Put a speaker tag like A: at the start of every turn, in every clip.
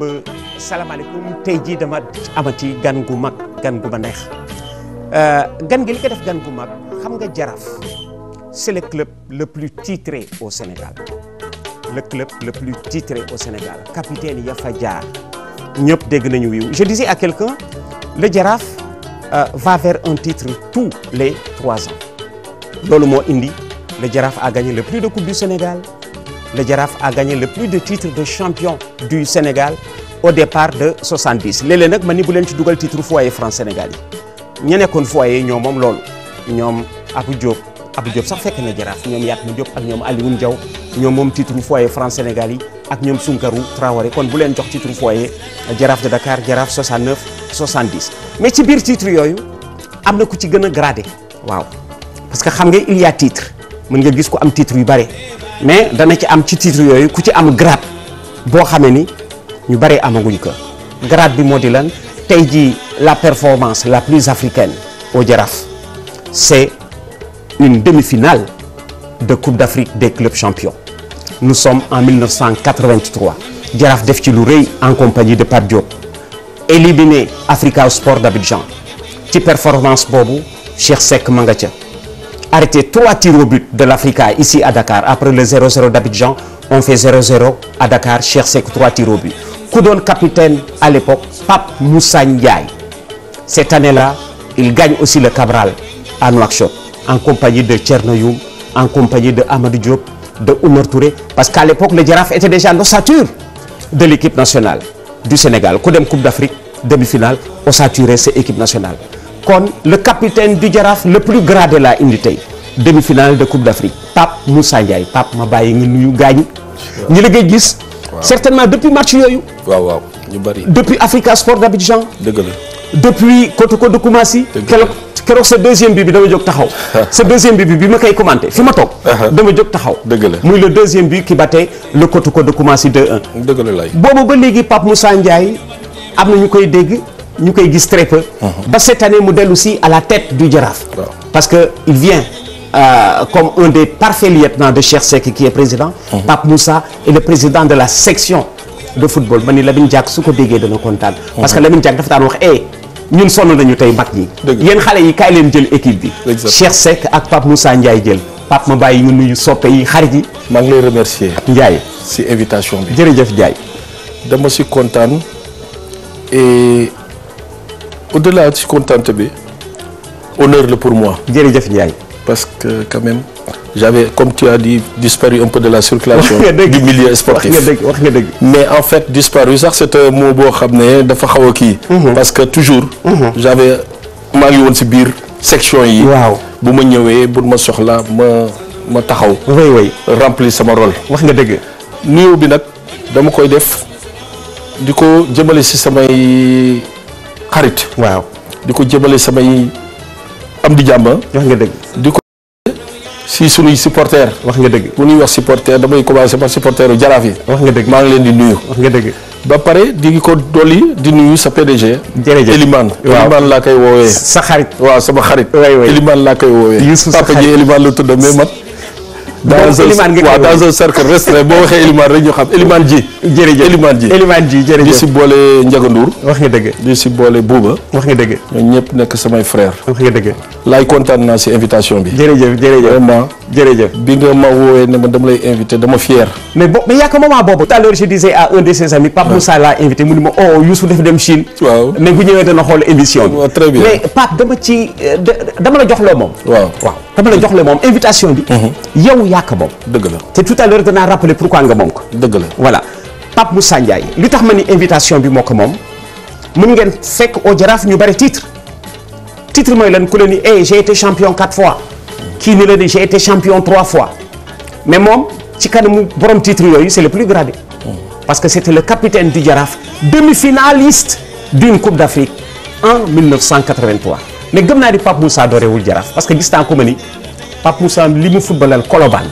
A: mb salaamaaleykum tey jii dama amati gan gu mag gan gu ma neex euh, gan gi li ko def gan gu mag xam nga jaraaf c'est le club le plus titré au Sénégal le club le plus titré au Sénégal capitaine ya jaar ñëpp dégg nañu wiiw je disais à quelqu'un le jaraaf euh, va vers un titre tous les trois ans loolu moo indi la jaraaf a gagné le plus de coupe du Sénégal le Jaraaf a gagné le plus de titres de champion du Sénégal au départ de 70 nag ma ni bu leen ci dugal titre foyer France Sénégal yi ña nekkoon foyer yi ñoom moom loolu ñoom Abou Diop Abou Diop sax fekk ne Jaraaf ñoom Yatma Diop ak ñoom Alioune Diaw ñoom moom titre foyer France Sénégal yi ak ñoom Sunkaru Traoré kon bu leen jox titre foyer Jaraaf de Dakar Jaraaf 69 70 mais ci biir titre yooyu am na ku ci gën a gradé waaw parce que xam nga il y titre nga gis ko am titre yu bare mais dana ci am ci titre yooyu ku ci am grade boo xamee ni ñu bari amaguñ ko grade bi moo di lan tey jii la performance la plus africaine au Jaraaf c'est une demi-finale de Coupe d'Afrique des clubs champions nous sommes en 1983 Jaraaf def ci lu rëy en compagnie de Pape Diop éliminé Africa Sport d'Abidjan ci performance boobu Cheikh Seck ma nga ca arrêté trois tirs au but de l'Africa ici à Dakar après le 0-0 d'Abidjan on fait 0-0 à Dakar Cheikh Seck trois tirs au capitaine à l'époque Pape Moussa cette année-là il gagne aussi le Cabral à Nouakchott en compagnie de Thierno Youm en compagnie de Amadou Diop de Oumar parce qu'à l'époque le Jaraaf était déjà l'ossature de l'équipe nationale du Sénégal ku dem Coupe d'Afrique demi-finale ossaturé sa équipe nationale kon le capitaine du Jaraaf le plus gradé laa indi tey demi-finale de Coupe d'Afrique Pape Moussa Ndiaye Pape ma bàyyi nga nuyu gaañ ñi la ngay gis certainement depuis match yooyu waaw ñu bari depuis Africa Sport d'Abidjan dëgg la depuis Kotoko de Koumassi keroog keroog sa deuxième bi bi dama jóg taxaw sa deuxième bi bi ma koy commenté fi ma toog uh-huh. dama jóg taxaw dëgg la muy le deuxième bi qui battait le Kotoko de Koumassi 2-1 dëgg la lay boobu ba léegi Pape Moussa Ndiaye am na ñu koy dégg ñu koy gis très peu. ba mhm. cette année mu dellu si à la tête du Jaraaf. parce que il vient euh, comme un des parfaits lieutenants de Cheikh Seck qui est président. Mhm. Pape Moussa est le président de la section de football ma ni Lamine Diack su ko déggee dana kontaan. parce que mhm. Lamine Diack dafa daan wax eh ñun sonn nañu tey mag ñi. yéen xale yi kaay leen jël équipe bi. Cheikh Seck ak Pape Moussa Ndiaye jël. Pape ma bàyyi ñu nuyu soppe yi xarit yi. maa ngi lay remercier. Ndiaye si invitation bi. jërëjëf Ndiaye. dama si
B: kontaan au-delà ci kontaante bi honneur la pour moi. jërëjëf Ndiaye. parce que quand même j'avais comme tu as dit disparu un peu de la circulation du milieu sportif wax nga mais en fait disparu sax c'est un boo xam ne dafa xaw a kii mhm. parce que toujours mhm. j'avais maa ngi woon si biir section yi waaw bu ma ñëwee bu ma soxla ma ma taxaw way way remplir sama rôle wax nga dëgg nuyoo bi nag dama koy def di ko jëmale si samay xarit. waaw di ko jëmale samay am di jàmba. wax nga dëgg di ko si sunuy supporter wax nga dëgg bu ñuy wax supporter damay commencer par supporteru jaraaf yi. wax nga dëgg maa ngi leen di nuyu. wax nga dëgg. ba pare di ko dolli di nuyu sa PDG. jërëjëf Elimane. waaw Elimane laa koy woowee. sa xarit waaw sama xarit. waay waay Elimane laa koy woowee. Youssou sa xarit papa ji Elimane la tudd mais dans un waaw dans un cercle restreint boo waxee Elimane rek ñu xam Elimane ji. jërëjëf Elimane ji si boole Ndiaga Ndour wax nga dëgg di si boole Bouba wax nga dëgg ñoom ñëpp nekk samay frère wax nga dëgg laay kontaan naa si invitation bi jërëjëf jërëjëf vraiment jërëjëf bi nga ma woowee ne
A: ma dama lay invité dama fier mais bon mais yaakaar moment boobu tout à l'heure je disais à un de ses amis Pape Moussa laa invité mu ni ma oh Youssou dafa dem Chine waaw mais bu ñëwee dana xool émission bi très bien mais Pape dama ci euh, dama la jox loo moom waaw dama la jox le moom invitation bi. Mhm. yow yaa ko moom. dëgg la te tout à l'heure danaa rappeler pourquoi nga moom ko. dëgg la voilà Pape Moussa li tax ma ni invitation bi moo ko moom mën ngeen fekk au jaraaf ñu bari titre titre mooy lan ku la ni eh j'ai été champion fois kii ni la ni j'ai été champion fois mais moom ci kanamu borom titre yooyu c'est le plus gradé. Mhm. parce que c'était le capitaine du jaraaf demi-finaliste d'une Coupe d'Afrique en 1983. mais gëm naa di Pape Moussa dorewul jaraaf parce que gis naa ko ma ni Pape Moussa li mu footballal Colobane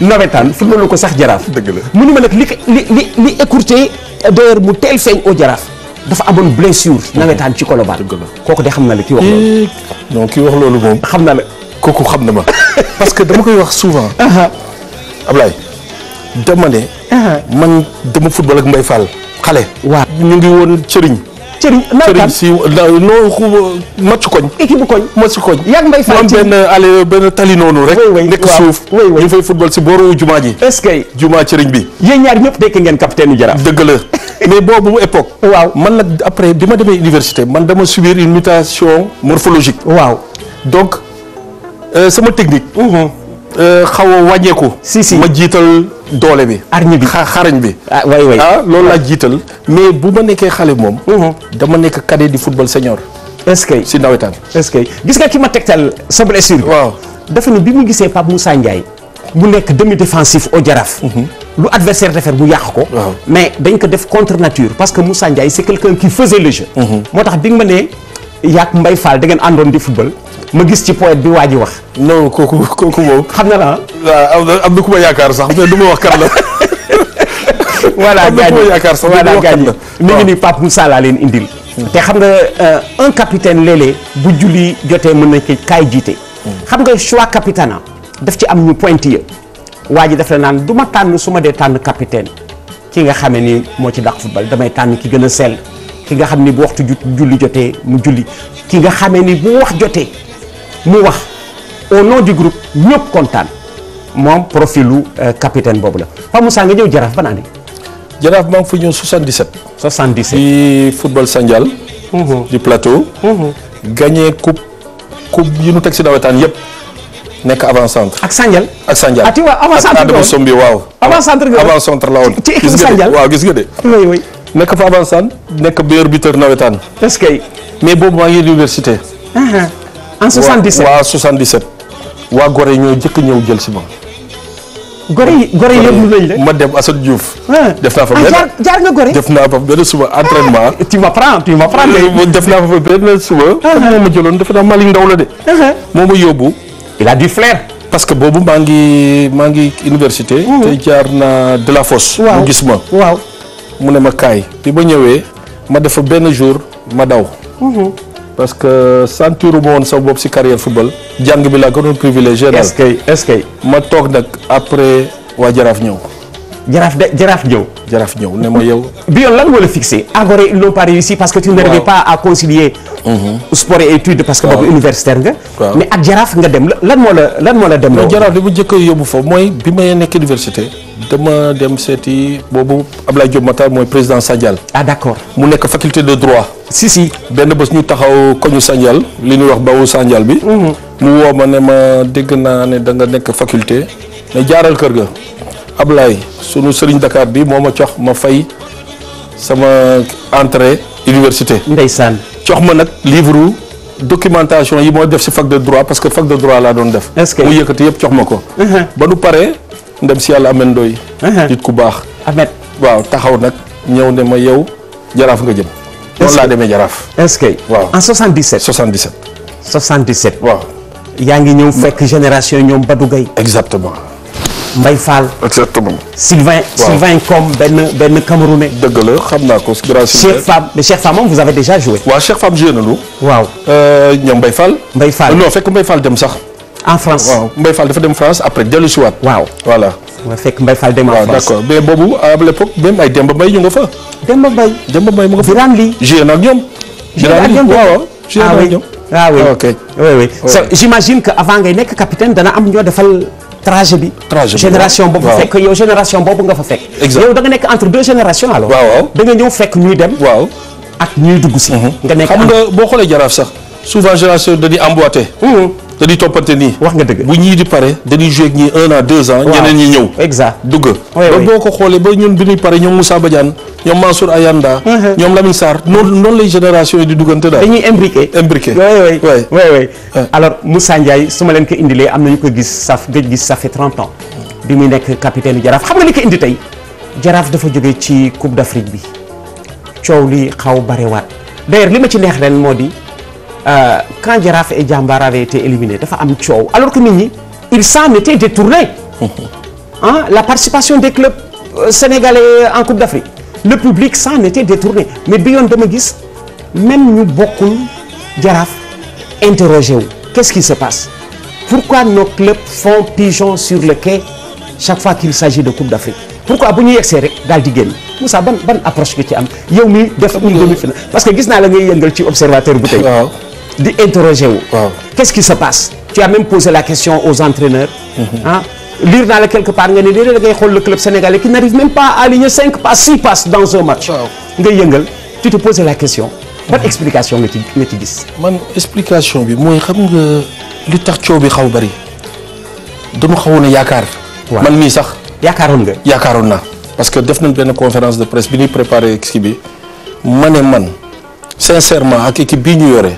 A: nawetaan footballu ko sax jaraaf dëgg la mu ni ma nag li li li li écourté d'ailleurs mu teel feeñ au jaraaf dafa amoon blessure nawetaan ci Colobane kooku de xam na la kii wax loolu non kii wax loolu moom xam na la kooku xam na ma parce que dama koy wax souvent uh-huh.
B: Ablaye dama ne uh-huh. man dama football ak mbay Fall xale waaw ñu ngi woon cëriñ Cëriñ Cëriñ si non match koñ. équipe koñ match koñ. yàgg mbay saa ci benn allé benn tali noonu rek. nekk suuf ñu fay football si booru jumaa ji. est-ce que jumaa Cëriñ bi. yéen ñaar ñëpp dekk ngeen capitaine Jaraaf. dëgg la mais boobu époque. waaw man nag après bi ma demee université man dama subir une mutation morphologique. waaw donc euh, sama technique. Mhm. Euh, xaw a wàññeeku. si si ma jiital doole bi. arñi bi xa xarañ bi. ah way way ah loolu laa jiital. mais
A: bu ma nekkee xale moom. Mhm. dama nekk cadet di football senior. est-ce que si nawetaan. est-ce gis nga ki ma tegtal sa blessure. waaw dafa ne bi mu gisee Pape Moussa Ndiaye. mu nekk demi défensif au jaraaf. Mhm. lu adversaire defar bu yàq ko. mais dañ ko def contre nature parce que Moussa Ndiaye c'est quelqu'un qui faisait le jeu. Mhm. moo tax bi ma nee. yaak mbay faal da ngeen àndoon di football ma gis ci poète bi waa ji wax. non kooku kooku moom. xam na la ah. am na am na ku
B: ma yaakaar sax mais du ma wax kan la.
A: voilà gaañ voilà gaañ mi ngi ni Pape Moussa laa leen indil. te xam nga euh, un capitaine léeg bu julli jotee mën na ko kaay jiite. xam nga choix capitana ah, daf ci am ñu pointillé waa ji daf la naan du ma tànn su ma dee tànn capitaine ki nga xamee ni moo ci dàq football damay tànn ki gën a sell. ki nga xam ni bu waxtu julli jotee mu julli ki nga xamee ni bu wax jotee mu wax au nom du groupe ñëpp kontaan moom profilu euh, capitaine boobu la Pape Moussa nga ñëw jaraaf ban année. jaraaf maa ngi fa ñëw 77.
B: 77 di football Sandial. Mm-hmm. di plateau. Mm-hmm. gagné coupe coupe yi ñu teg si nawetaan yëpp. nekk avant centre. ak Sandial. ak Sandial ah tu avant centre la avant centre la woon. ci équipe Sandial waaw gis nga de. nekk fa avancé nekk meilleur buteur nawetaan. ce que. mais boobu maa ngi université. Ah, ah. en 77 waa 77. waa Gorée ñoo jëkk ñëw jël si ma. Gorée Gorée yëngu nañ ma dem Assane Diouf. Ah. def naa fa benn jaar
A: jaar def
B: naa fa benn suba entraînement. tu m'apprends tu euh, def naa fa benn suba. moom ma jëloon defe naa Malick Ndaw la de. moo a yóbbu. a du flair. parce que boobu maa ngi maa ngi université. Mmh. te jaar na de la fosse. waaw mu gis ma mu ne ma kaay bi ma ñëwee ma def fa benn jour ma daw. Mhm. parce que sentir ma woon sa bopp si carrière football jàng bi laa ko doon privilégié. daal est-ce que est-ce que. ma toog nag après
A: waa jaraaf ñëw. jaraaf de jaraaf ñëw. jaraaf ñëw ne ma yow. bi yoon lan wala fixé encore ils n'ont pas réussi parce que tu n'arrivais pas à concilier. Mhm. sport et études que boobu universitaire nga. mais ak nga dem lan moo lan moo la dem. loolu jaraaf li mu njëkk a yóbbu foofu mooy bi may
B: nekk université. dama dem seeti boobu Ablaye Diop Matar mooy président Sandial. ah d'accord mu nekk faculté de droit. si si benn bés ñu taxaw koñu Sandial li ñuy wax bawu Sandial bi. Mhm. mu woo ma ne ma dégg naa ne da nga nekk faculté. mais jaaral kër ga. ab Ablaye sunu sëriñ Dakar bi moo ma cox ma fay sama entrée université. ndeysaan cox ma nag livre documentation yi moo def si fag de droit parce que fac de droit laa doon def. est-ce que mu yëkkati yëpp cox ma ko. Uh-huh. ba nu paree ndem si yàlla amen doy. Uh-huh. nit ku baax. amet waaw taxaw nag ñëw ne ma yow
A: jaraaf nga jëm. noonu laa demee jaraaf. est-ce que waaw en 77. 77. 77. waaw. yaa ngi ñëw fekk génération ñoom Badou Gueye. exactement. Mbaye Fall. exactement Sylvain wow. Sylvain Combe benn benn Camerounais. dëgg la xam naa ko grâce. Cheikh Fam mais Cheikh Fam vous avez déjà joué. waaw Cheikh Fam joué nañu.
B: waaw euh, ñoom Mbaye Fall. Mbaye Fall euh, non fekk Mbaye Fall dem sax.
A: en France waaw
B: Mbaye Fall dafa dem France après dellu si waat. waaw voilà. nga fekk Mbaye Fall dem en France waaw d'accord mais boobu à l'époque même ay Demba Mbaye ñu nga fa. Demba Mbaye.
A: Demba Mbaye mu nga fa Birane Ly. joué na ak ñoom. joué ak ñoom waaw joué na ak ah ñoom. ah oui ah oui. oui oui. j'imagine que avant nekk capitaine dana am trajet bi. trajet bi génération boobu fekk yow génération boobu nga fa fekk. yow da nga nekk entre deux générations alors. waaw nga ñëw fekk ñuy dem. waaw ak ñuy dugg si. Mhm. nga nekk xam nga boo xoolee jaraaf sax souvent génération dañuy
B: emboîté. Mhm. dañuy toppante nii. wax nga dëgg bu ñii di pare dañuy joué ak ñii un an deux ans. ñeneen ñi ñëw. exact dugg. ba boo ko xoolee ba ñun bi ñuy pare ñoom Moussa Badiane ñoom Mansour Ayanda.
A: Uh-huh. ñoom Lamine Sarr noonu noonu lay génération yi di duggante daal. dañuy imbriqué imbriqué. oui oui oui alors Moussa Ndiaye su ma leen ko indilee am na ñu ko gis saf gëj gis ça fait trente bi muy nekk capitaine Jaraaf xam nga li ko indi tey. Jaraaf dafa jógee ci Coupe d'Afrique bi coow li xaw barewaat d'ailleurs li ma ci neex ren moo di Euh, quand Jaraaf et Jambaar avaient été éliminés dafa am coow alors que nit ñi il s'en était détourné ah la participation des clubs euh, sénégalais euh, en Coupe d'Afrique le public s'en était détourné mais bi yoon dama gis même ñu bokkul Jaraaf interrogé wu qu'est-ce qui se passe pourquoi nos clubs font pigeon sur le quai chaque fois qu'il s'agit de Coupe d'Afrique pourquoi bu ñu yegsee rek daal di génn Moussa ban ban approche nga ci am yow def une demi parce que gis naa la ngay yëngal ci di interroger wu. waaw qu'est-ce qui se passe. tu as même posé la question aux entraîneurs. liir mm-hmm. ah, lire naa la quelque part nga ne léeg-léeg da xool le club sénégalais qui n'arrive même pas à aligner cinq passes six passes dans un match. nga yëngal tu te poses la question. ban mm-hmm. explication nga ci nga ci gis. man explication bi mooy xam
B: nga li tax coow bi xaw bari dañu xawoon a yaakaar. man mii sax. yaakaaroon nga. yaakaaroon naa parce que def nañ benn conférence de presse bi ñuy préparé kii bi ma ne man sincèrement ak équipe bii ñu yore.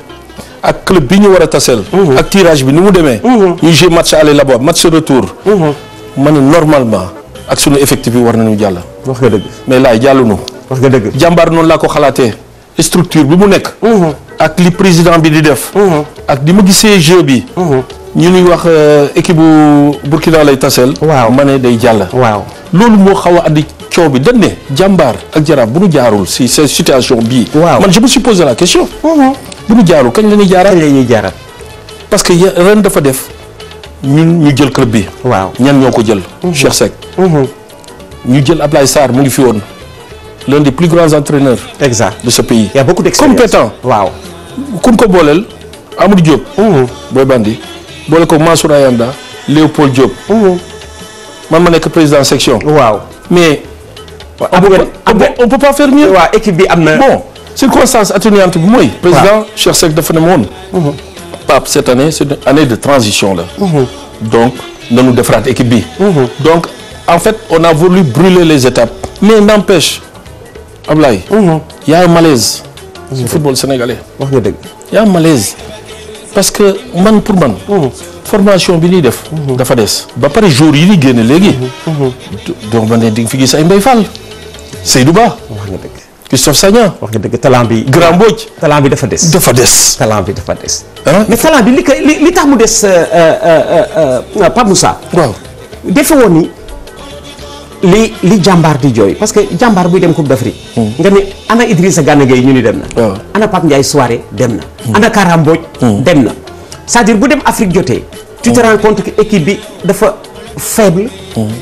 B: ak club bi ñu war a taseel. Mhm. ak tirage bi ni mu demee. Mhm. ñu joué match aller là-bas match retour. Mhm. ma normalement ak sunu effectif bi war nañu jàll. wax nga dëgg mais laay jàlluñu. wax nga dëgg jàmbaar noonu laa ko xalaatee structure bi mu nekk. ak li président bi di def. ak di ma gisee jeu bi. ñu nuy wax euh, équipe bu Burkina lay taseel. waaw ma day jàll. waaw loolu moo xaw a coow bi dañ ne jàmbaar ak jaraaf bu nu jaarul si cette situation la question. bu nu jaarul kañ la ñuy jaaraat kañ la ñuy parce que dafa def ñun ñu jël club bi. waaw ñan ñoo ko jël. Mhm. Cheikh Seck. Mhm. ñu jël Ablaye Sarr mu ngi fi woon. l'un des plus grands entraîneurs. exact de ce pays. il y a beaucoup d'expérience compétent. waaw kun ko booleel Amadou Diop. Mhm. Boy Bandi boole ko Mansour Ayanda Léopold Diop. man ma nekk président section. waaw on peut pas faire équipe bi am na. bon circonstance atténuante bi mooy. président Cheikh Seck dafa ne ma woon. Mhm. Pape cette année c'est une année de transition la. Mhm. donc nañu defaraat équipe bi. Mhm. donc en fait on a voulu brûler les étapes. mais n'empêche Ablaye. y a un malaise. ci football sénégalais. wax nga dëgg. y a malaise. parce que man pour man. formation bi ñuy def. dafa des. ba pare jour yi di génne léegi. donc man de di nga fi gis ay mbay fàll. Seydou Ba. wax nga dëgg. Christophe Sagna.
A: wax nga dëgg talent bi. Grand Mbodj. talent bi dafa des. dafa des. talent bi dafa des. mais talent bi li li tax mu des euh, euh, euh, Pape Moussa. waaw defe woon li jàmbaar di jooy parce que jàmbaar buy dem Coupe d'Afrique. Hmm. nga ne ana Idrissa Gana Gueye ñu ni dem na. ana Pape Ndiaye Souaré dem na. Hmm. ana Kara Mbodj. Hmm. dem na cest à bu dem Afrique jotee. tu te compte équipe bi dafa faible.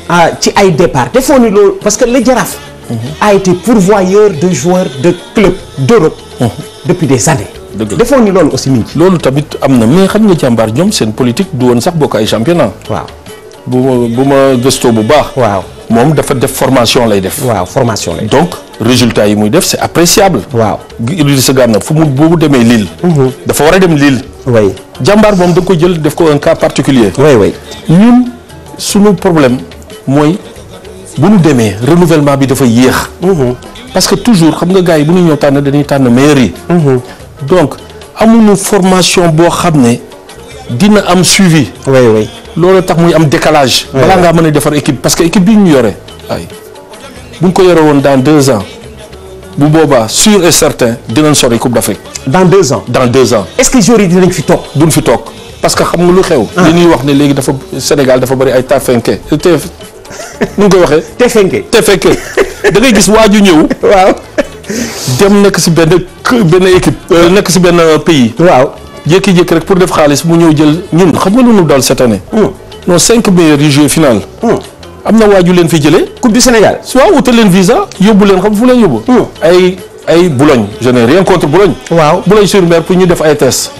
A: Ah, ci ay départ defoo ni loolu parce que la jaraaf. a été pourvoyeur de joueurs de clubs d'Europe depuis des années. dëgg defoon ni loolu aussi mi ngi loolu tamit am na mais
B: xam nga jàmbaar ñoom seen politique du woon sax bokk ay championnat. waaw bu ma bu ma gëstoo bu baax. waaw moom dafa def formation lay def. waaw formation lay donc résultat yi muy def c'est appréciable. waaw Idrissa Gana fu mu boobu demee Lille. dafa war a dem Lille. oui jàmbaar moom da nga ko jël def ko un cas particulier. oui oui ñun suñu problème mooy. bu ñu demee renouvellement bi dafa yéex. Mhm. parce que toujours xam nga gars yi bu ñu ñëw tànn dañuy tànn maire mhm. donc amuñu formation boo xam ne dina am suivi. oui oui tax muy am décalage. balaa ngaa mën a defar équipe parce que équipe bi ñu yore bu ñu ko yore woon dans deux ans bu boobaa sûr et certain dinañ sori Coupe d'Afrique. dans deux ans dans deux ans. est-ce que joueurs yi dinañ fi toog. duñ fi toog parce que xam nga lu xew. Ah. li ñuy wax ne léegi dafa Sénégal dafa bari ay taafenke nu nga koy waxee. te fekke te fekke da ngay gis waaju ñëw. waaw dem nekk si benn benn équipe. Euh, nekk si benn euh, pays. waaw jékki-jékki rek pour def xaalis mu ñëw jël ñun xam nga lu ñu dal cette année. Hmm. non cinq meilleurs yu joué final. Hmm. am na waaju leen fi jëlee. coupe du Sénégal. waaw utal leen visa yóbbu leen xam fu leen yóbbu. Hmm. ay ay Boulogne je n'ai rien contre Boulogne. waaw Boulogne sur mer pour ñu def ay tests.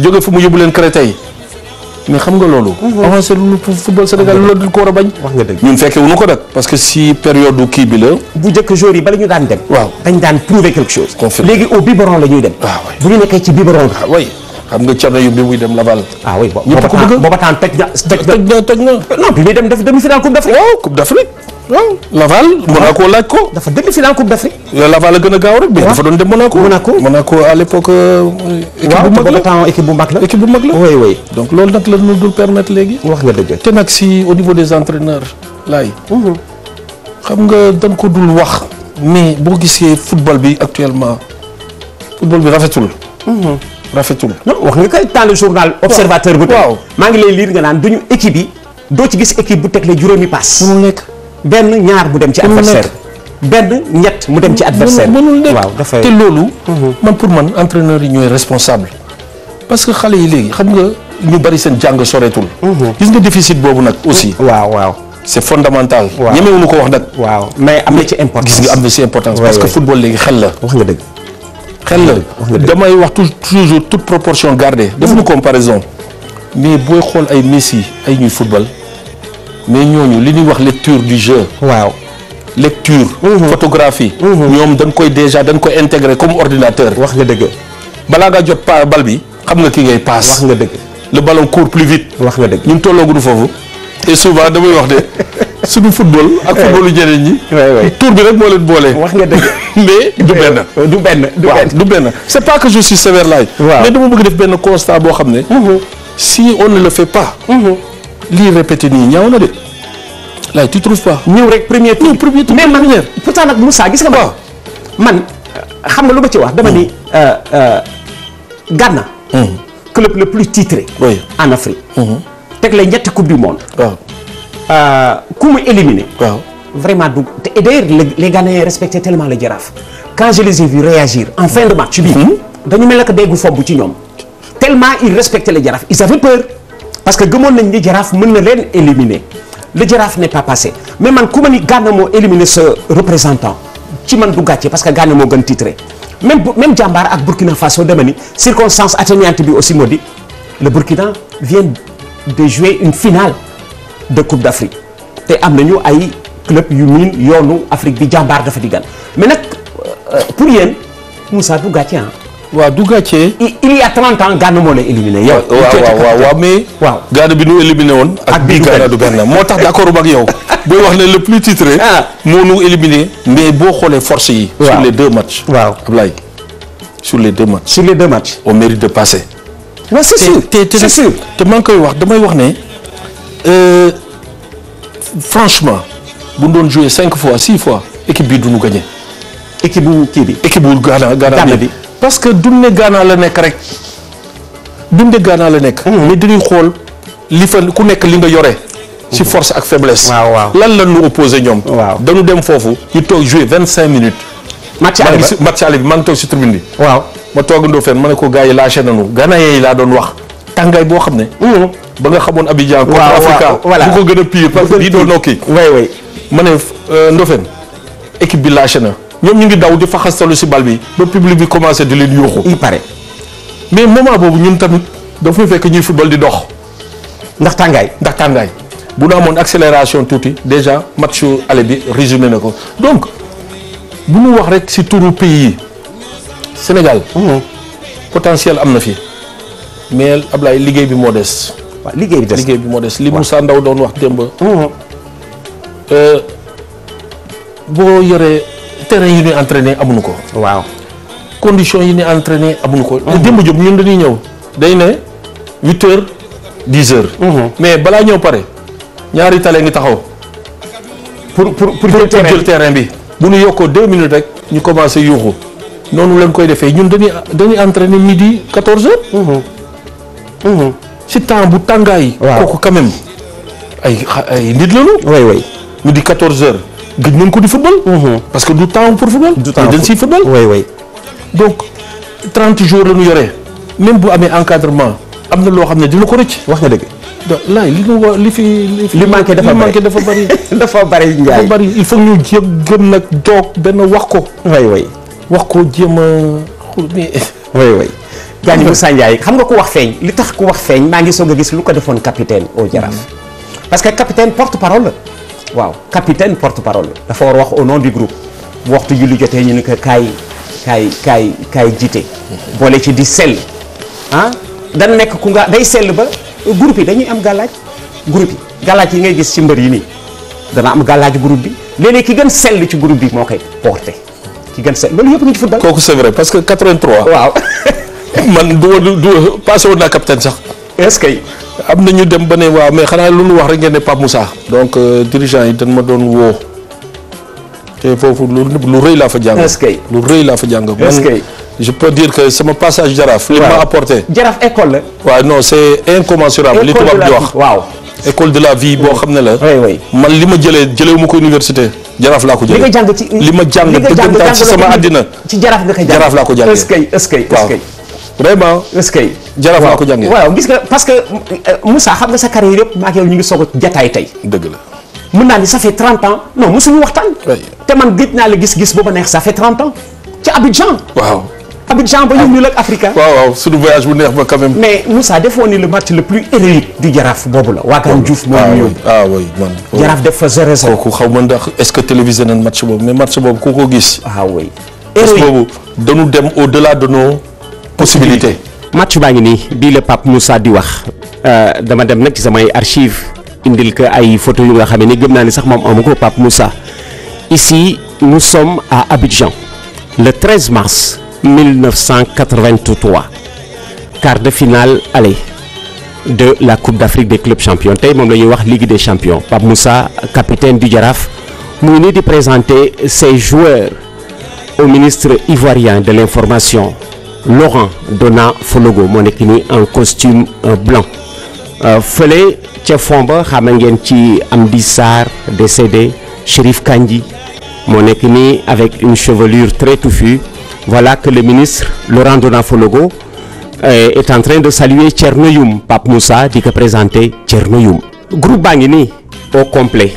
B: jóge fu mu yóbbu leen Créteil. mais xam nga loolu. avancé lu football Sénégal loolu dañ ko war a bañ. ñun fekke wuñu ko nag. parce que si période kii bi la. bu njëkk jour yi bala ñu daan dem. waaw
A: dañ daan prouver quelque
B: chose. léegi au biberon la ñuy dem. waaw ah, bu ñu nekkee ci biberon bi. Ah, xam nga cano yu bi muy dem Laval.
A: ah oui ñëpp ko bëgg booba temps toj na toj na toj na non bi muy dem def demi finale coupe d'Afrique. waaw coupe d'Afrique waaw Laval. Ah. Monaco laaj ko. dafa demi finale coupe d'Afrique. Laval a gën a gaaw rek. mais dafa doon
B: dem Monaco. Monaco Monaco à l'époque. Euh, équipe bu mag la waaw booba temps équipe bu mag la. équipe bu mag la oui oui. donc loolu nag la ñu dul permettre léegi. wax nga dëgg te nag si au niveau des entraîneurs laay. Mhm. xam nga dañ ko dul wax. mais boo gisee football bi actuellement
A: football bi rafetul. Mhm. rafetul non wax nga koy temps de journal observateur bu tey maa ngi lay liir nga naan duñu équipe yi doo ci gis équipe bu teg la juróomi paas mënul nekk benn ñaar mu dem ci adversaire benn ñett mu dem ci adversaire mënul nekk waaw dafay te
B: loolu mhm. man pour man entraîneur yi ñooy responsable parce que xale yi léegi xam nga ñu bari seen jàng soreetul mhm. gis nga déficit boobu nag aussi waaw waaw c'est fondamental ñemewuñu ko wax nag waaw mais am na ci importance gis parce que football léegi xel la wax nga dëgg xel la damay wax toujours toute proportion gardée. defuñu comparaison mais booy xool ay Messi ay ñuy football mais ñooñu li ñuy wax lecture du jeu. waaw lecture. photographie. ñoom dañ koy déjà dañ koy intégré comme ordinateur. wax nga dëgg. balaa ngaa jot pa bal bi xam nga ki ngay paas. wax nga dëgg. le ballon court plus vite. wax nga dëgg ñun tolloo gudd foofu. et souvent damay wax de. su suñu football ak eh. footballu jeneen ñi. tour bi rek moo leen boolee wax nga dëgg mais eh, euh, du benn. du benn du benn du benn. c'est pas que je suis sévère laaj. mais dama bëgg def benn constat boo xam ne. Mm-hmm. si on ne le fait pas. Mm-hmm. lii répété nii ñaaw na de. laaj tu
A: pas. ñëw rek premier tour. premier tour mais man pourtant nag Moussa gis nga man. man euh, xam nga lu ma ci wax. dama ni mm. euh, Ghana. Mm. club le plus titré. en Afrique. Mm-hmm. teg lay ñetti coupe du monde. Euh, ku mu éliminé. waaw vraiment du et d'ailleurs les Ghanéens respectaient tellement le Jaraaf. quand je les ai vus réagir en fin de match bi. Mhm. dañu mel ne que ci ñoom. tellement ils respectaient le Jaraaf ils avaient peur parce que gëmoon nañ Jaraaf mën na leen éliminer le Jaraaf n'est pas passé mais man ku ma ni Ghana moo éliminer sa représentant ci man du gàcce parce que Ghana moo gën titré même même ak Burkina Faso dama ni circonstance atténuante bi aussi moo de coupe d'Afrique te am nañu ay club yu miin yoonu Afrique bi jàmbaar dafa digal mais nag euh, euh, pour yéen Moussa du gàcce ah. waaw du gàcce. il y a 30 ans Ghana moo lay éliminé yow. waaw waaw
B: mais. waaw bi ñu éliminé woon. ak bii Ghana du benn moo tax d'accord ak yow. booy wax ne le plus titré. Ah. moo ñu éliminé. mais boo xoolee force yi. sur les deux matchs. waaw Ablaye sur les deux matchs. sur les deux matchs. on mérite de passer. waaw c'est sûr c'est sûr te te maa ngi koy wax damay wax ne. Euh, franchement bu ñu doon joue cinq fois six fois équipe bi du ñu gagné. équipe bu kii bi équipe bu Ghana Ghana bi parce que duñ ne la nekk rek duñ ne Ghana la nekk. Mhm. mais dañuy xool li fa ku nekk li nga yore. si mhm. force ak faiblesse. waaw lan la ñu opposé ñoom. waaw dañu dem foofu. ñu toog jouer vingt cinq minutes. match àll bi match àll bi maa ngi toog si tribune waaw ma toogandoo fenn ma ne ko gars yi laa nañu Ghana yi laa doon wax. tàngaay boo xam ne. Mm. ba nga xamoon Abidjan. waaw waaw Africa bu ko gën a pire. parce que lii doon nokki. way way ma ne euh, équipe bi lâché na ñoom ñu ngi daw di faxastalu si bal bi ba public bi commencé di leen yuuxu. il paraît mais moment boobu ñun tamit dafa fekk ñuy football di dox. ndax tàngaay ndax tàngaay. bu ñu amoon accélération tuuti déjà match aller bi résumé na ko donc bu ñu wax rek si turu pays yi Sénégal. Mm. potentiel am na fi. mais Ablaye liggéey bi moo des. waaw liggéey bi des liggéey moo des li Moussa Ndaw doon wax démb. Mhm. Euh, boo yoree terrain yi ñuy entraîné amuñu ko. waaw conditions yi ñuy entraîné amuñu ko. Mhm. démb jub ñun dañuy ñëw. day ne huit heures dix heures. Mhm. mais balaa ñëw pare ñaari tale ngi taxaw. pour pour pour jël terrain bi bu nu yokkoo deux minutes rek ñu commencé yuuxu noonu lañ koy defee ñu dañuy dañuy entraîné midi quatorze heures. si temps bu tàngaay. waaw kooku quand même ay ay nit la ñu. way di 14 heures gëj nañ ko di football. Mhm. parce que du temps pour football. du temps dañ siy football. way way donc 30 jours la yore même bu amee encadrement am na loo xam ne dina ko rëcc. wax nga dëgg. donc laay li ñu li fi. li manqué dafa bari
A: dafa bari. dafa bari Ndiaye dafa bari il faut ñu jéem nag toog benn wax ko. way way wax ko jéem a xul mais. way way Diagne Moussa yi xam nga ku wax feeñ li tax ku wax feeñ maa ngi soog a gis lu ko defoon capitaine o Jaraaf mm-hmm. parce que capitaine porte parole waaw capitaine porte parole la dafa war wax au nom du groupe waxtu julli jotee ñu ni ko kaay kaay kaay kaay jiite mm-hmm. boole ci di sell ah dan nekk ku nga day sell ba groupe yi dañuy am gàllaaj groupe yi gàllaaj yi ngay gis ci mbër yi nii dana am gàllaaj groupe bi léeg ki gën sell ci groupe bi moo koy porté ki gën sell loolu yëpp ngi ci kooku
B: c'est parce que 83 waaw man du ma du passé woon naa capitaine sax. est-ce am na ñu dem ba ne waaw mais xanaa lu nu wax rek ngeen ne Pape Moussa. donc euh, dirigeant yi dañ ma doon woo. te foofu lu lu rëy laa fa jàng. est-ce que lu rëy laa fa jàng. est-ce que je peux dire que sama passage Jaraaf. li ma apporté.
A: Jaraaf école la.
B: waaw non c'est incommensurable. li tubaab di wax waaw. école de la vie boo xam ne la. man li ma jëlee jëlewuma ko université. jaraaf laa ko jëlee li nga jàng ci li ma jàng dëggantaan ci sama àddina.
A: ci jaraaf nga koy jàng jaraaf laa ko jàngee. est-ce vraiment est-ce que jaraaf laa ko jàngee waaw gis parce que euh, Moussa xam nga sa carrière yëpp maa ak ngi soog a jataay tey dëgg la mën naa ni ça fait 30 ans non mosuñu waxtaan te man gëj naa la gis-gis booba neex ça fait 30 ans ci Abidjan waaw Abidjan ba ñu ñu ak Africa waaw waaw suñu voyage bu neex ba quand même mais Moussa defoon ni le match le plus héroïque du jaraaf boobu la Wakam Diouf moo ah ñu yóbbu
B: ah oui man
A: jaraaf def fa zéro zéro
B: ma ndax est-ce que télévisé match boobu mais match boobu ku ko gis ah
A: possibilité match baa ngi nii bii la Pape Moussa di wax euh, dama dem nag ci samay archive indil ko ay photo yu nga xam ni gëm naa ni sax moom amu ko Pape Moussa ici nous sommes à Abidjan le 13 mars 1983 quart de finale aller de la Coupe d'Afrique des clubs champions tey moom la ñuy wax Ligue des champions Pape Moussa capitaine du Jaraaf mu ngi nii di présenter ses joueurs au ministre ivoirien de l'information Laurent Dona Fologo moo nekk nii en costume euh, blanc euh, fële ca fond ba xam ngeen ci Amdi Sarr décédé Chérif Kandji moo nekk nii avec une chevelure très touffue voilà que le ministre Laurent Dona Fologo euh, est en train de saluer Thierno Youm Pape Moussa di ko présenter Thierno groupe baa ngi nii au complet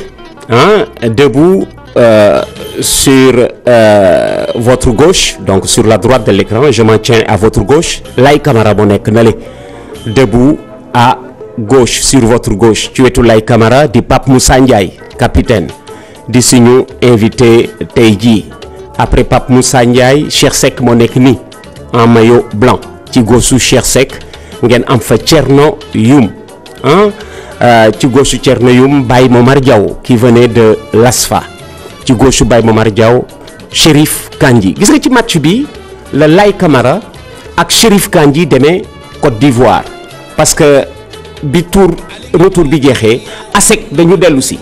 A: ah debout Euh, sur euh, votre gauche donc sur la droite de l'écran je m'en tiens à votre gauche Laye Camara moo nekk nale debout à gauche sur votre gauche ci wetu lay Camara di Pape Moussa Ndiaye capitaine di suñu invité tey jii après Pape Moussa Ndiaye Cheikh Seck moo nekk nii en maillot blanc ci gauche Cheikh Seck ngeen am fa Thierno Youm euh, ci gauche Thierno Youm Baye Momar Diaw qui venait de l'ASFA ci gauche su Baye Momar Diaw Chérif Kandji gis nga ci match bi la Lay kamara ak Chérif Kandji demee Côte d'Ivoire parce que bi tour retour bi jeexee ASEC dañu dellu si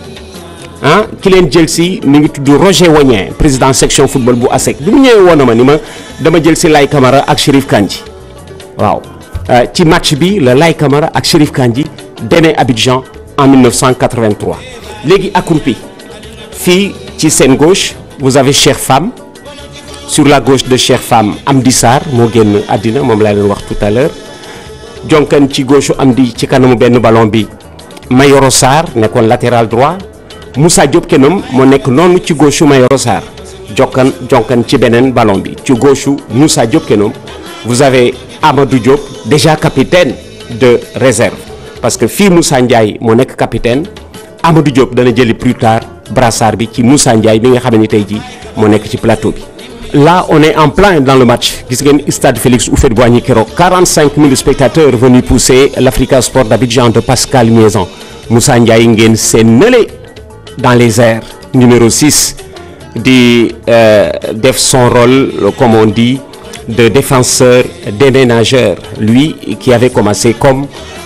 A: ah ki leen jël si mi ngi tudd Roger Wagnin président section football bu ASEC bi mu ñëwee woon na ma ni ma dama jël si Lay Camara ak Chérif Kandji waaw euh, ci match bi la Lay kamara ak Chérif Kandji demee Abidjan en 1983 léegi accroupi fii ci seen gauche vous avez Cheikh Fam sur la gauche de Cheikh Fam Amdi Sarr moo génn àddina moom laa leen wax tout jonkan ci gauche Amdi ci kanamu benn ballon bi Mayoro Sarr nekkoon latéral droit Moussa Diop moo nekk noonu ci gauche Mayoro Sarr jokkan jonkan ci beneen ballon bi ci gauche Moussa Diop Kenum vous avez Amadou Diop déjà capitaine de réserve parce que fii Moussa Ndiaye moo nekk capitaine Amadou Diop dana jëli plus tard brassard bi ci Moussa Ndiaye bi nga xam ne tey jii moo nekk ci plateau bi. là on est en plein dans le match gis ngeen stade Félix Houphouët-Boigny keroog 45 000 spectateurs venus pousser l'Africa Sport d'Abidjan de Pascal Miezan Moussa Ndiaye ngeen seen nële dans les airs numéro 6 di euh, def son rôle comme on dit de défenseur déménageur lui qui avait commencé comme.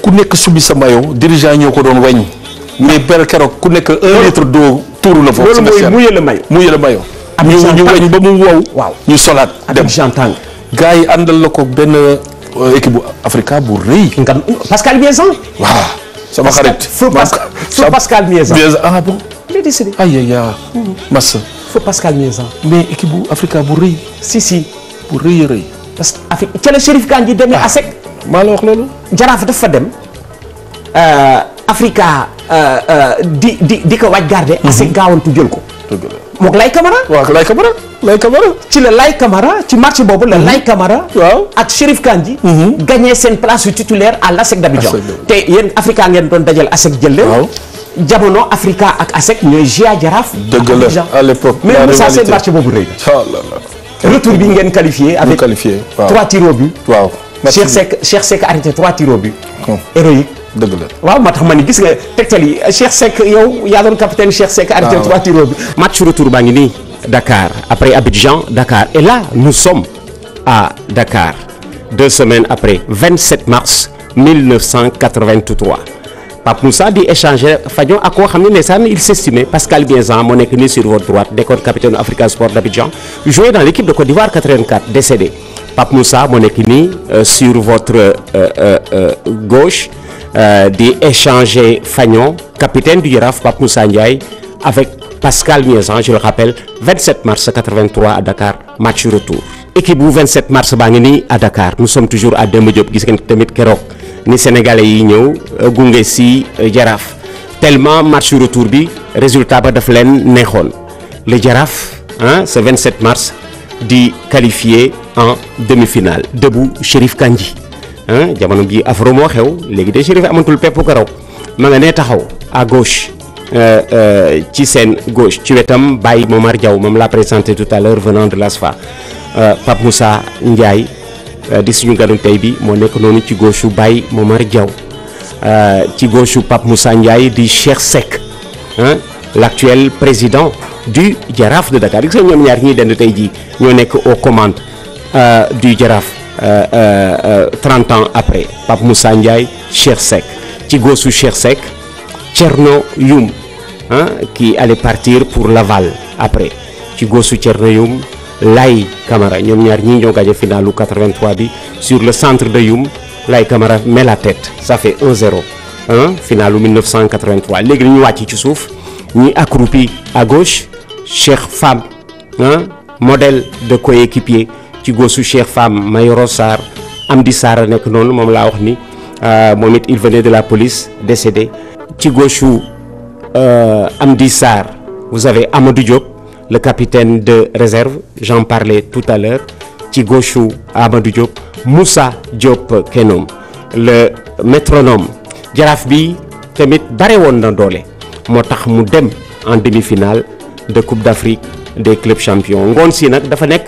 B: ku nekk subi sa maillot dirigeant ñoo ko doon wàññi mais benn keroog ku nekk un litre d'eau tuuru na foofu. loolu mooy mouiller le maillot mouiller le maillot. ñu ñu wàññi ba mu wow. waaw ñu solaat. dem ak gars yi àndal la ko benn euh, équipe bu Africa bu rëy. nga Pascal Miezan. waaw sama xarit.
A: feu Pascal Miezan ah bon. il est décédé. aïe aïe mhm. Massa. feu Pascal Miezan. mais équipe bu Africa bu rëy. si si bu rëy a rëy. parce que Afrique ca la Chérif Kandji demee à ah. sec. maa la wax loolu. jaraaf dafa dem euh, Africa euh, euh, di di di ko waaj garder. Mhm. assez gaawantu jël ko. mook Lay Camara. waaw Lay Camara ci la Lay Camara ci match boobu la mhm. Lay Camara. waaw ak Chérif Kandji. Mhm. gagné seen place su titulaire à l'ASEC e d'Abidjan. te yéen Africa ngeen doon dajal ASEC jël leen. waaw Africa ak ASEC ñooy GIA Jaraaf. dëgg la à l'époque mais Moussa seen match boobu
B: rëy. bi ngeen qualifié. avec
A: trois tirs au waaw. Cheikh Seck Cheikh Seck arrêté trois tirs au but. Oh. dëgg la waaw moo tax ma gis nga tegtal yi Cheikh Seck yow yaa doon capitaine Cheikh Seck. Ah, retour baa ngi nii. Dakar après Abidjan Dakar et là nous sommes à Dakar deux semaines après 27 mars 1983 Pape Moussa di échanger Fadion ak koo xam ne ndeysaan il s'estimait Pascal Bienzan moo Pape Moussa moo nekk nii euh, sur votre euh, euh, gauche di échanger Fagnon capitaine du Jaraaf Pape Moussa Ndiaye avec Pascal Miezan je le rappelle 27 mars 83 à Dakar match retour. équipe bu 27 mars baa ngi nii à Dakar nous sommes toujours à Demba Diop gis ngeen tamit keroog ni sénégalais yi ñëw gunge si Jaraaf tellement match retour bi résultat ba daf leen neexoon le Jaraaf ce mars. di qualifié en demi final debout Chérif Kandji ah jamono bii afro moo xew léegi de Chérif amatul pepp garaw ma nga ne taxaw à gauche euh, euh, ci seen gauche ci wetam Baye Momar Diaw moom laa présenté tout à l'heure venant de l'ASFA euh, Pape Moussa Ndiaye di suñu ganu tey bi moo nekk noonu ci gauche u Baye Momar Diaw ci gauche u Pape Moussa Ndiaye di Cheikh Seck l'actuel président du Jaraaf de Dakar gis nga ñoom ñaar ñii dend tey jii ñoo nekk aux commandes euh, du Jaraaf 30 euh, euh, ans après Pape Moussa Ndiaye Cheikh Seck ci goosu Cheikh Seck Thierno Youm ah qui allait partir pour Laval après ci goosu Thierno Youm Laye Camara ñoom ñaar ñii ñoo gagné finalu 83 bi sur le centre de Youm Laye Camara met la tête ça fait 1-0 ah finalu 1983 léegi ñu wàcc ci suuf. ñi accroupi à gauche Cheikh Fam modèle de coéquipier ci goosu Cheikh Fam Mayoro Sarr Amdi Sarr a nekk noonu moom laa wax ni euh, moom it il venait de la police décédé ci gauche euh, Amdi Sarr vous avez Amadou Diop le capitaine de réserve j'en parlais tout à l'heure ci gauche Amadou Diop Moussa Diop Kenom le métronome jaraaf bi tamit bare woon na doole moo tax mu dem en demi-finale de Coupe d'Afrique des clubs champions ngoon si nag dafa nekk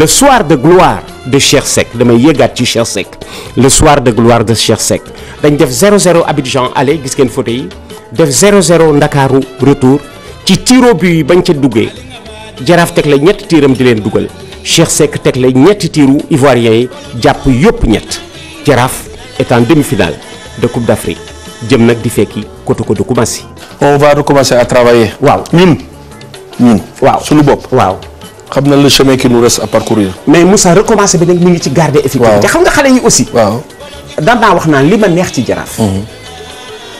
A: le soir de gloire de Cheikh Seck damay yëgaat ci Cheikh Seck le soir de gloire de Cheikh Seck dañ def 0-0 Abidjan aller gis ngeen photo yi def 0-0 Ndakaaru retour ci tiro bi yi bañ ca duggee jaraaf teg la ñett tiiram di leen dugal Cheikh Seck teg la ñetti tiiru ivoirien yi jàpp yëpp ñett jaraaf est en demi-finale de Coupe d'Afrique jëm nag di fekki Kotoko de Koumassi. on va recommencer à travailler. waaw ñun. ñun waaw suñu
B: bopp. waaw xam na le chemin qui nous reste à parcourir.
A: mais Moussa recommencer bi nag mi ngi ci garder efficacité. xam nga xale yi aussi. waaw daan naa wax naan li ma neex ci jaraaf. Mhm.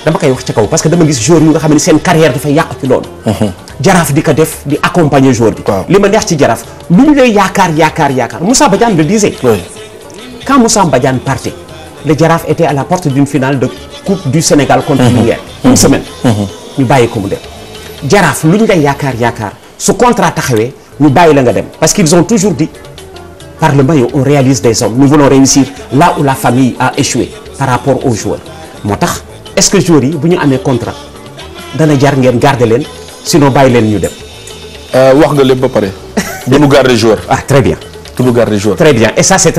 A: dama kay wax ci kaw parce que dama gis joueurs yu nga xam ne seen carrière dafay yàq ci loolu. Mhm. jaraaf di ko def di accompagner joueur bi. li ma neex ci jaraaf lu ñu lay yaakaar yaakaar yaakaar Moussa Badiane le disait. oui quand Moussa le Jaraaf était à la porte d'une finale de coupe du Sénégal contre Linguère mhm. une mhm. semaine mhm. ñu bàyyi ko mu dem Jaraaf luñ lay yaakaar yaakaar su contrat taxawee ñu bàyyi la nga dem parce qu'ils ont toujours di par le maillot on réalise des hommes nous voulons réussir là où la famille a échoué par rapport aux joueurs moo tax est-ce que joueurs yi bu ñu amee contrat dana jar ngeen garder leen sinon bàyyi leen ñu dem euh, wax nga lépp ba pare du ñu garder joueur ah très bien du ñu garder joueur très bien et ça c'est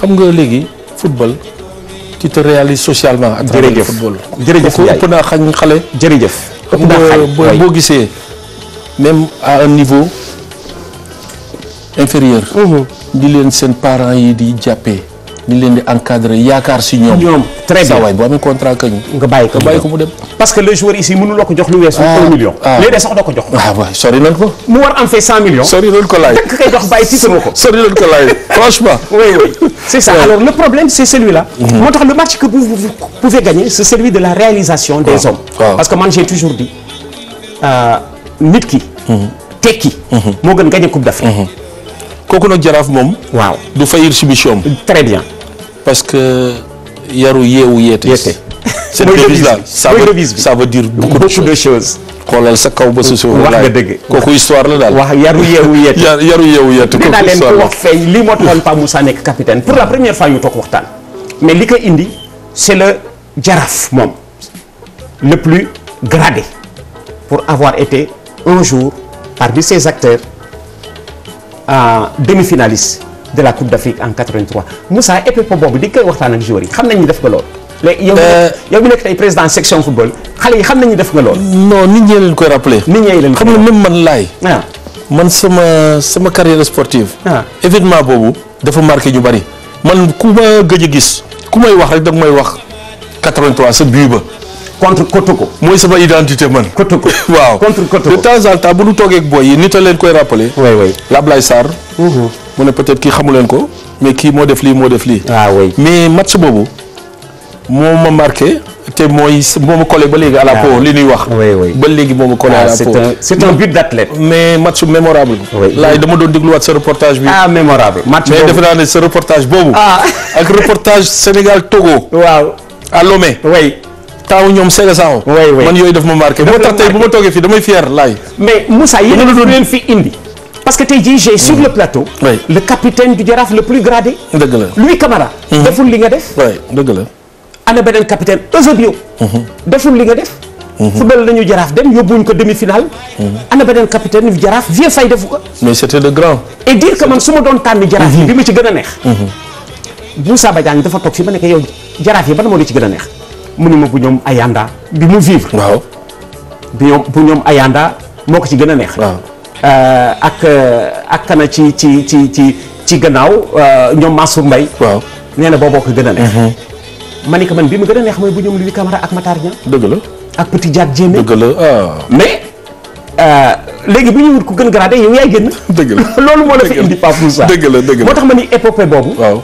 B: xam nga léegi football tu te réalises socialement. à travers le football jërëjëf naa xañ xale. jërëjëf ëpp naa xañ boo gisee même à un niveau inférieur. di mhm. leen seen parents yi di jàppee. ñu leen di encadrer yaakaar si ñoom. ñoom très bien boo amee contrat kañ. nga bàyyi ko nga bàyyi ko mu
A: dem. parce que le
B: joueur ici mënuloo ko jox lu weesu. ah 1 million ah. léegi de sax
A: jox. waaw ah, waaw ko. mu war am fee 100 millions. sori ko laaj dëkk kay jox bàyyi tiitaloo ko. sori nañ ko laaj franchement. oui oui c'est ça alors le problème c'est celui-là. Mhm. moo tax le match que vous vous pouvez gagner c'est celui de la réalisation des hommes. parce que man toujours dit euh, nit ki. Mhm. tekki. Mhm. moo gën gagner coupe kooku nag jaraaf
B: moom. waaw du fayir si mission très bien. parce que yaru yeewu yeete. yeete mooy devise daal ça veut ça veut dire de choses. xoolal sa kaw ba sa suuf. wax nga dëgg la wax yaru yeewu yeete yaru yeewu yeete. kooku histoire la nee naa leen ku wax
A: feeñ lii moo taxoon Pape Moussa nekk capitaine pour la première fois ñu toog waxtaan. mais li ko indi c'est le jaraaf moom le plus gradé pour avoir été un jour parmi ses acteurs. demi-finaliste de la Coupe d'Afrique en 83 Moussa époque boobu di koy waxtaan ak joueurs xam nañ ñu def nga lool. yow euh, yow nekk tey président section football xale yi xam nañ ñu def nga lool. non nit ñee leen koy rappelé.
B: nit ñee leen xam nga même man laay. Ah. man sama sama carrière sportive. Ah. événement boobu dafa marqué ñu bari. man ku ma gëj a gis ku may wax rek dag may wax 83 sa but ba. contre Kotoko. mooy sama identité man. Kotoko waaw contre Kotoko. de temps en temps bu nu toogee ak booy yi nit a leen koy rappelé. waay waay Lablaye Sarr. Mhm. mu ne peut-être kii xamu leen ko mais ki moo def lii moo def lii. ah mais match boobu moom ma marqué. te mooy moo ma collé ba léegi à la ah, peau li ñuy wax. ba léegi moo ma collé à ah, la peau. c'est un but d'athlète. mais match mémorable. laay dama doon dégluwaat sa reportage bi. ah mémorable match mais defe naa ne sa reportage boobu. Ah. ak reportage Sénégal Togo. waaw à taawu ñoom Sega Sakho. waay waay man yooyu daf ma marqué. li
A: nga def. waay dëgg la. ana beneen mm-hmm. li nga def. Mm-hmm. football nañu jaraaf dem ko demi finale. Mm-hmm. ana beneen capitaine yu jaraaf vieux fay defu ko. mais doon tànn jaraaf yi bi ma ci gën a neex. dafa toog fi ma nekk yow jaraaf yi ban moo la ci gën a neex. mu ni ma bu ñoom Ayanda bi mu vivre. waaw ñoom bu ñoom Ayanda moo ko ci gën a neex. Euh, ak euh, ak kana ci ci ci ci ci gannaaw euh, ñoom Mansour Mbaye. waaw nee na booboo ko gën a neex. Mhm. ma ni ko man bi mu gën a neex mooy bu ñoom Louis Camara ak Matar Niang. dëgg la ak Petit Diat Diémé. dëgg la ah. léegi bu ñu gën gradé yow yaay loolu moo la fi indi Pape Moussa. dëgg la dëgg la moo tax ma ni épopée boobu. waaw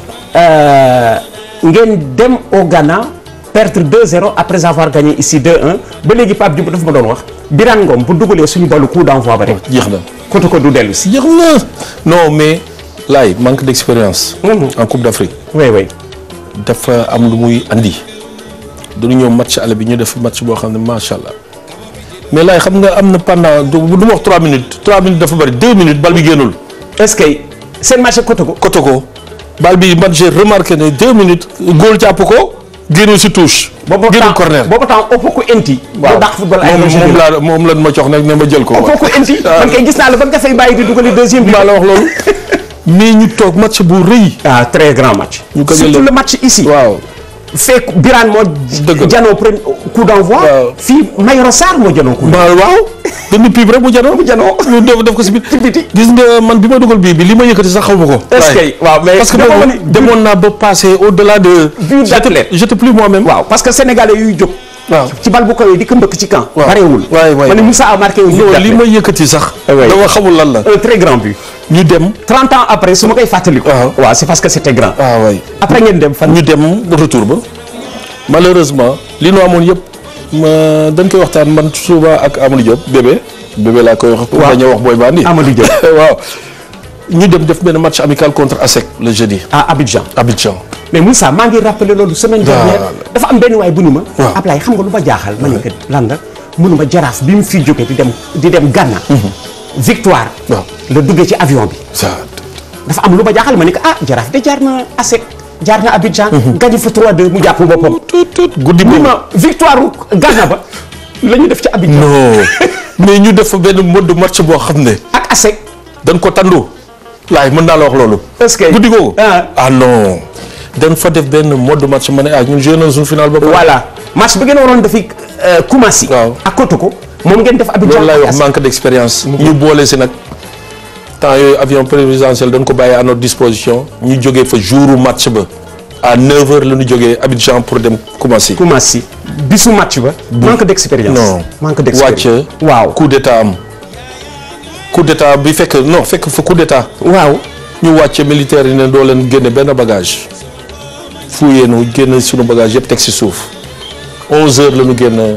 A: ngeen dem au Ghana. perdre 2-0 après avoir gagné ici 2-1 ba léegi Pape Diouf dafa ma doon wax Birane Ngom bu dugalee suñu balu coup d'envoi ba rek. jeex na kootu du dellu jeex na non mais laay
B: manque d'expérience. Mmh. en Coupe d'Afrique. oui oui. dafa am lu muy indi du ñëw match aller bi ñu def match boo xam ne macha allah mais laay xam nga am na pendant du ma wax 3 minutes 3 minutes dafa bëri 2 minutes bal bi génnul. est-ce que seen match Kotoko. Kotoko bal bi man j'ai remarqué ne 2 minutes góol jàpp ko. génnul si touche.
A: génnul corner boobu temps boobu temps Opoku Enti. waaw dàq football ay moom laa
B: moom lan ma jox nag ne
A: ma jël ko. waaw Opoku Enti man kay gis naa la ba nga fay bàyyi di dugal deuxième bi. maa la wax loolu mais ñu toog match bu rëy. ah très grand match. ñu ko la le match waaw. fekk Birane moo. janoo premier coup d'envoi. fii Mayoro Sarr moo janoo coup d'envoi. waaw
B: dund piib rek mu janoo. mu janoo ñu def def ko si biti. gis nga man bi ma dugal bii bi li ma yëkkati sax xaw ma ko. est-ce que waaw mais parce que
A: naa ba passé au delà de. j'étais plus moi-même. parce que sénégalais yuy jóg. waaw ci bal bu kawee di ko mbëkk ci camp. waaw bareewul. waay waay man Moussa a marqué li may yëkkati sax. Ah, dama xamul lan la. un très grand but. ñu dem. 30 ans après su ma koy fàttaliku. waaw ah. waaw c'est parce que c'était grand. waaw ah, waay après ngeen dem fan. ñu dem retour ba
B: malheureusement li nu amoon yëpp ma dañ koy waxtaan man suuba ak Amadou Diop bébé bébé laa koy wax. waaw dañoo wax booy baa nii Amadou Diop waaw. ñu dem def benn match amical contre ASEC le jeudi. à Abidjan Abidjan.
A: mais Moussa maa ngi rappelé loolu semaine dernière dafa am benn waay bu ni ma Ablaye xam nga lu ma jaaxal ma ne ko lan la jaraaf bi mu fi jóge di dem di dem Ghana mhm. victoire la duggee ci avion bi dafa am lu ma jaaxal ma ni ko ah jaraaf de jaar na ASEC jaar na Abidjan mhm. gañu fa 3-2 mu jàpp boppam guddi mu ma victoire Ghana ba la ñu def ci Abidjan non mais ñu
B: def benn mode match boo xam ne ak ASEC dañ ko tandu laay mën naa la wax loolu est-ce dañ fa def benn mode de match ma ne ah ñun joué nañu suñu final ba. voilà match bi ngeen waroon defi euh, Koumassi. moom ngeen def. Abidjan loolu laay wax manque d' expérience. ñu boole si nag temps yooyu avion présidentiel dañ ko bàyyi à disposition. ñu jógee fa jouru match ba. à 9h la ñu jógee Abidjan pour dem Koumassi. Koumassi
A: bisu match ba.
B: manque d' expérience. non manque d' expérience wàcc. waaw coup d' état am. coup d' bi fekk non fekk fa coup d' waaw ñu wàcce militaire yi ne doo leen génne benn bagage. fouillé nu génn suñu bagage yëpp teg si suuf 11h la ñu génn.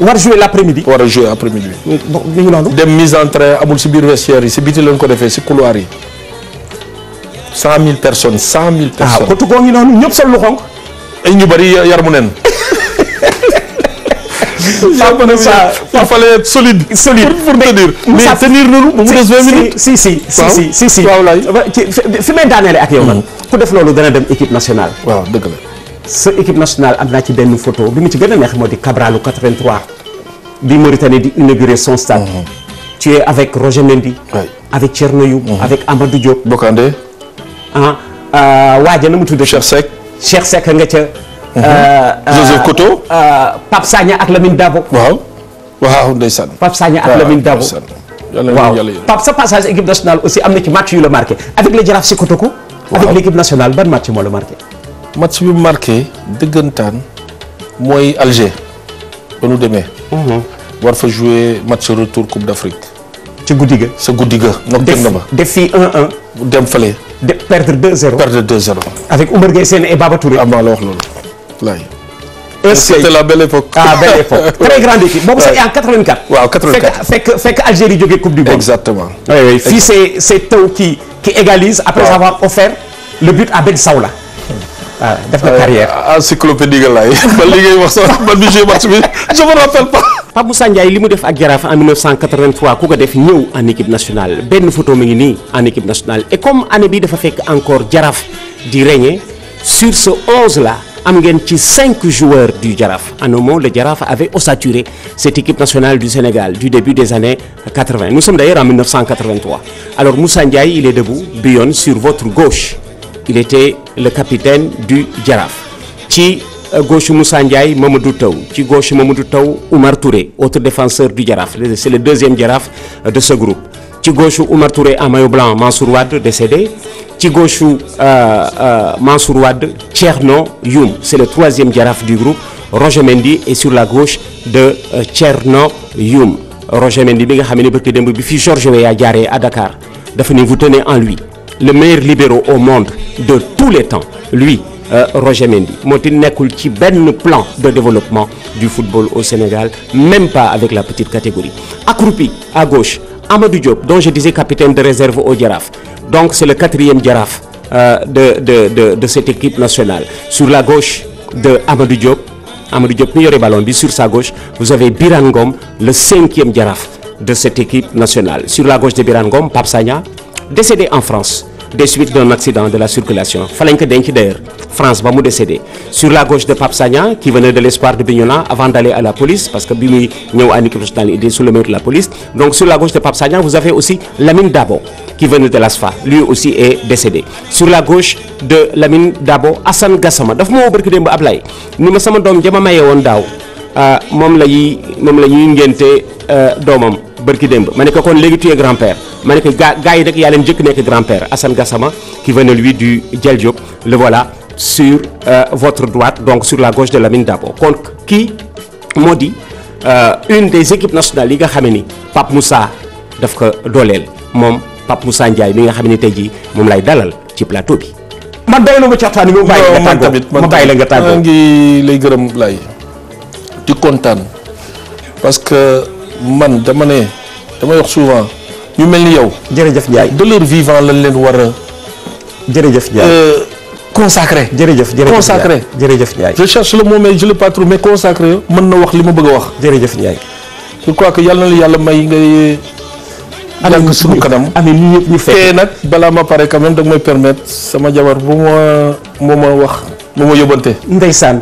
B: war a jouer l' après midi. war a jouer après midi. ñu ngi noonu. dem mise en train amul si biir vestiaire yi si biti lañ ko defee si couloir yi cent mille personnes cent mille. Ah, personnes ah kottu koo ngi noonu ñëpp sol lu xonk. ay ñu bëri yar mu nen. Pape Moussa il fallait être solide. solide
A: pour pour te dire. mais tenir nañu ba mu des vingt minutes. si si si si si si waaw fi may daaneele ak yow nag. Mm. ku def loolu dana dem équipe nationale. waaw dëgg la. sa équipe nationale am naa ci benn photo bi mu ci gën a neex moo di Cabralu 83. bi Mauritanie di inaugurer son stade. Mm-hmm. tu es avec Roger Mendy. avec Thierno Youm. Mm-hmm. avec Amadou Diop. Bokandé. ah euh, waaja na mu tudd. Cheikh Seck. Cheikh Seck nga ca.
B: Mhm. Euh, Joseph euh, Koto.
A: Euh, Pape Sagna ak Lamine Dabo. waaw waaw ndeysaan. Pape Sagna ak Lamine Dabo waaw sa passage équipe nationale aussi am na ci match yu la marqué avec le Jaraaf si Kotoko. waaw avec l' équipe nationale ban match moo la marqué. match bi marqué dëggantaan
B: mooy Alger ba nu demee. Mhm. war fa jouer match retour Coupe d' Afrique. ci guddi ga sa guddi ga. nocturne na ba def fii un 1 dem fale. de
A: perdre 2-0 perdre 2-0. avec Oumar Gueye Sène et Baba Touré. ah la wax loolu. wallaay. est-ce que c'était la belle époque. ah belle époque très grande équipe boobu c'était en 84. waaw 84 fekk fekk fekk Algérie jógee coupe du monde. exactement. oui oui fii c'est c'est taw égalise après avoir offert le but à Ben Saoula. waaw ah, def na carrière
B: ah, encyclopédie nga laay
A: li ngay wax sax man bi joué match bi je me rappelle pas. li mu def ak Jaraaf en 1983 ku ko def ñëw en équipe nationale benn photo mi ngi nii en équipe nationale et comme année dafa fekk encore Jaraaf di régner sur ce 11 là. am ngeen ci cinq joueurs du Jaraaf en un mot le Jaraaf avait ossaturé cette équipe nationale du Sénégal du début des années 80 nous sommes d'ailleurs en 1983 alors Moussa Ndiaye il est debout bi yoon sur votre gauche il était le capitaine du Jaraaf ci euh, gauche Moussa Ndiaye Mamadou Taw ci gauche Mamadou Taw Oumar Touré autre défenseur du Jaraaf c'est le deuxième Jaraaf euh, de ce groupe ci gauche Oumar Touré en maillot blanc Mansour Wade décédé ci gauche euh, euh, Mansour Wade Thierno Youm c'est le troisième jaraaf du groupe Roger Mendy est sur la gauche de euh, Thierno Youm Roger Mendy bi nga xam ne bërki démb bi fi Georges Weah jaaree à Dakar dafa ne vous tenez en lui le meilleur libéro au monde de tous les temps lui Euh, Roger Mendy moo ti nekkul ci benn plan de développement du football au Sénégal même pas avec la petite catégorie accroupi à gauche Amadou Diop dont je disais capitaine de réserve au Jaraaf donc c'est le quatrième Jaraaf euh, de de de de cette équipe nationale sur la gauche de Amadou Diop Amadou Diop mi yore ballon bi sur sa gauche vous avez Birane Ngom le cinquième Jaraaf de cet équipe nationale sur la gauche de Birane Ngom Pape Sagna décédé en France des suites d'un accident de la circulation fa lañ ko denc France ba mu décédé sur la gauche de Pape qui venait de l'espoir de Bignona avant d'aller à la police parce que bi muy ñëw en équipe nationale il était sous le maillot de la police donc sur la gauche de Pape Sagna vous avez aussi Lamine Dabo qui venait de l'ASFA lui aussi est décédé sur la gauche de Lamine Dabo Assane Gassama dafa ma woo barki démb Ablaye ni ma sama doom jama maye woon daaw ah, la moom la ñuy ngénte euh, doomam bërki démb ma ne ko kon léegi tu es grand père ma ne gaa gaa yi nag yaa leen njëkk nekk grand père Assane Gassama qui venait lui du Diel Diop le voilà sur euh, votre droite donc sur la gauche de Lamine Dabo kon ki moo di euh, une des équipes nationales yi nga xam ni Pape Moussa daf ko dooleel moom Pape Moussa Ndiaye mi nga xam ni tey jii moom lay dalal ci plateau bi. man doy
B: na ma caxtaan yi ma tamit ma bàyyi la nga tàggoo ma ngi lay gërëm lay di kontaan parce man dama ne dama wax souvent ñu mel ni yow. jërëjëf Ndiaye de leur vivant lañ leen war a. jërëjëf Ndiaye euh, consacré. jërëjëf jërëjëf consacré. jërëjëf Ndiaye je cherche le mot mais je l'ai pas mën na wax li ma bëgg a wax. jërëjëf Ndiaye. je crois que yàlla na la yàlla may ngay. amiin suñu kanam amiin lii yëpp ñu fekk nag balaa ma pare quand même may permettre sama jabar bu ma moo ma wax moo ma yóbbante. ndeysaan.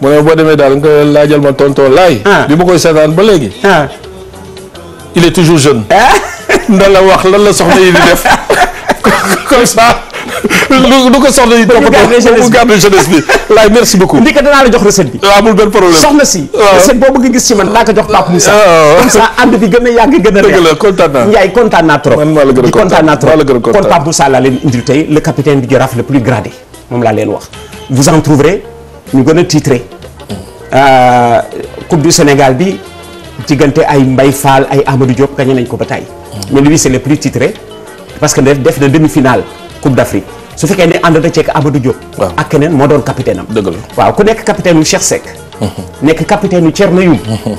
B: mu ne boo demee daal nga laajal ma tonton laay. Ah. bi ma koy seetaan ba léegi. Ah. il est toujours jeune. nda la wax lan la soxna yi di def comme ça.
A: lu ko soxla yi toppatoo mu garder jeunesse bi laay merci beaucoup ndika danaa la jox recette bi waaw ah, amul benn problème soxna si ah. recette boo bëgg gis ci man naa ko jox Pape Moussa ah, comme ça ànd bi gën a yàgg gën a dëgg la kontaan naa Ndiaye kontaan naa trop man maa la gën a kontaan naa trop kon Pape Moussa laa leen indil tey le capitaine du Jaraaf le plus gradé moom laa leen wax vous en trouverez ñu gën a titré euh, coupe du Sénégal bi diggante ay Mbaye Fall ay Amadou Diop gagné nañ ko ba tey. mais lui c' est le plus titré parce que def na demi finale Coupe d' Afrique su fekkee ne ànd na ceeg Amadou Diop. ak keneen moo doon capitaine am. dëgg la waaw ku nekk capitaine wu Cheikh Seck. Mhm. nekk capitaine wu Thierno Youm. Mhm.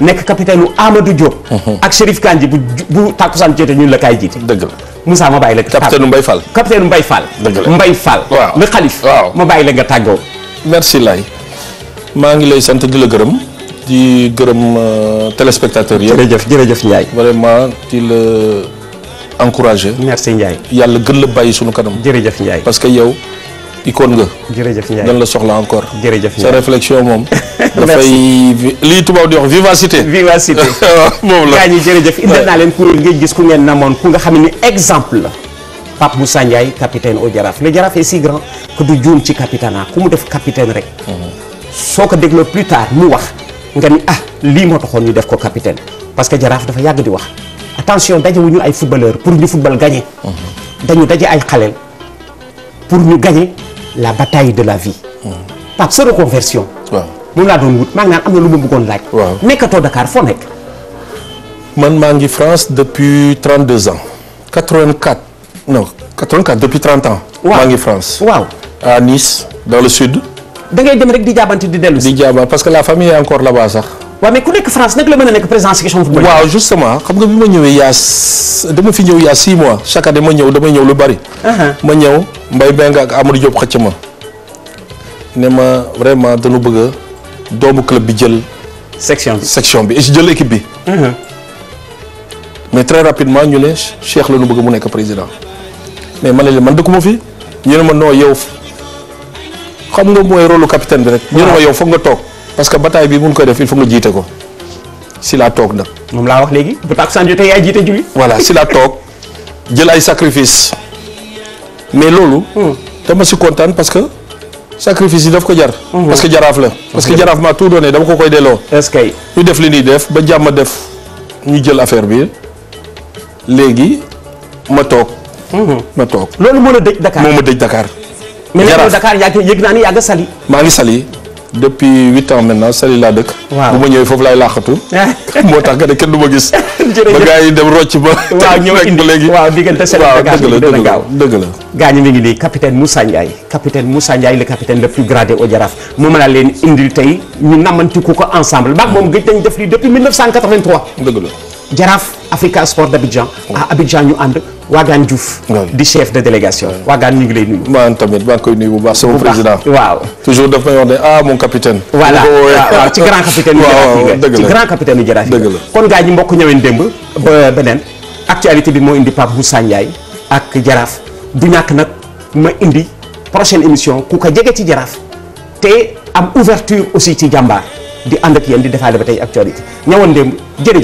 A: nekk capitaine wu Amadou Diop. Mhm. ak Chérif Kandji bu tàkkusaan jotee ñun la kaay jiite. dëgg la Moussa ma bàyyi la. capitaine Mbaye Fall capitaine Mbaye Fall. dëgg la Mbaye Fall. waaw le
B: nga di gërëm euh, téléspectateur yi. jërëjëf jërëjëf Ndiaye. vraiment di la encouragé. merci Ndiaye. yàlla gën la bàyyi sunu kanam. jërëjëf Ndiaye parce que yow. icône nga.
A: jërëjëf Ndiaye dañ
B: la soxla encore. jërëjëf Ndiaye sa réflexion moom. dafay lii tubaab di wax vivacité. vivacité
A: moom la. gaa ñi jërëjëf indil naa leen kuréel ngeen gis ku ngeen namoon ku nga xam ne exemple la. Pape Moussa Ndiaye capitaine au Jaraaf le Jaraaf est si grand que du juum ci capitana ku mu def capitaine rek. Mhm. soo ko dégloo plus tard mu wax. nga ni ah lii moo taxoon ñu def ko capitaine parce que jaraaf dafa yàgg di wax attention dajewuñu ay footballeur pour ñu football gagné. Mhm. dañu daje ay xaleel pour ñu gagner la bataille de la vie. Mhm. Pape sa reconversion. waaw moom laa doon wut maa ngi naan am na lu ma bëggoon laaj. nekkatoo Dakar foo nekk. man maa ngi
B: France depuis 32 ans. 84 non 84 depuis 30 ans. waaw maa ngi France. waaw à Nice dans le sud. da ngay dem rek di jaabante di dellu si. di jaaba parce que la famille est encore là-bas sax. waaw mais ku nekk France nag la mën a nekk président section football. waaw justement xam nga bi ma ñëwee yaa dama fi ñëw yaa 6 mois chaque année ma ñëw damay ñëw lu bari. Uh-huh. ma ñëw Mbaye Mbengue ak Amadou Diop xëcc ma ne ma vraiment dañu bëgg a doomu club bi jël. section bi section bi et jël équipe bi. Uh-huh. mais très rapidement ñu ne Cheikh la ñu bëgg mu nekk président mais man la man dëkkuma fi ñu ne ma non yow. xam nga mooy rôle capitaine bi rek. ñu ne yow foog nga toog parce que bataille bi mun koy def il faut nga jiite ko si laa toog na moom laa wax léegi bu tax jotee yaay jiite julli. voilà si laa toog jël ay sacrifice mais loolu. Hmm. ma si kontaan parce que sacrifice yi daf ko jar. Hmm. parce que jaraaf la. parce que jaraaf maa tout donné dama ko koy delloo. est-ce que def li ñuy def ba jàmm def ñu jël affaire bi léegi ma toog. Hmm. ma toog loolu moo la dëj Dakar moo ma dëj Dakar. mais nag Dakar maa ngi Saly depuis huit ans maintenant Saly laa dëkk. bu ma ñëwee foofu laay laaxatu. moo tax kenn du ma gis. ba gaa yi dem rocc ba. waaw ñëw indi léegi waaw diggante Saly Dakar bi dina gaaw
A: dëgg la gaa ñi mi ngi nii capitaine Moussa Ndiaye capitaine Moussa Ndiaye le capitaine le plus gradé au Jaraaf moom laa leen indil tey ñu namantiku ko ensemble maag moom gëj def lii depuis dëgg la Jaraaf Africa Sport d'Abidjan. à Abidjan ñu ànd Wagan Diouf. di chef de délégation. Wagan ñu
B: ngi lay nuyu. man tamit maa ngi koy nuyu bu baax sama président. waaw toujours daf may wax ne ah mon capitaine. Oh, ah, ci grand capitaine. waaw waaw dëgg la ci grand
A: capitaine nu jaraaf dëgg la kon bi moo indi Pape Moussa Ndiaye ak jaraaf du ñàkk nag ma indi prochaine émission ku ko jege ci jaraaf te am ouverture aussi ci jàmbaar di ànd ak yéen di defaale ba tey actualité ñëwoon démb jërëjëf.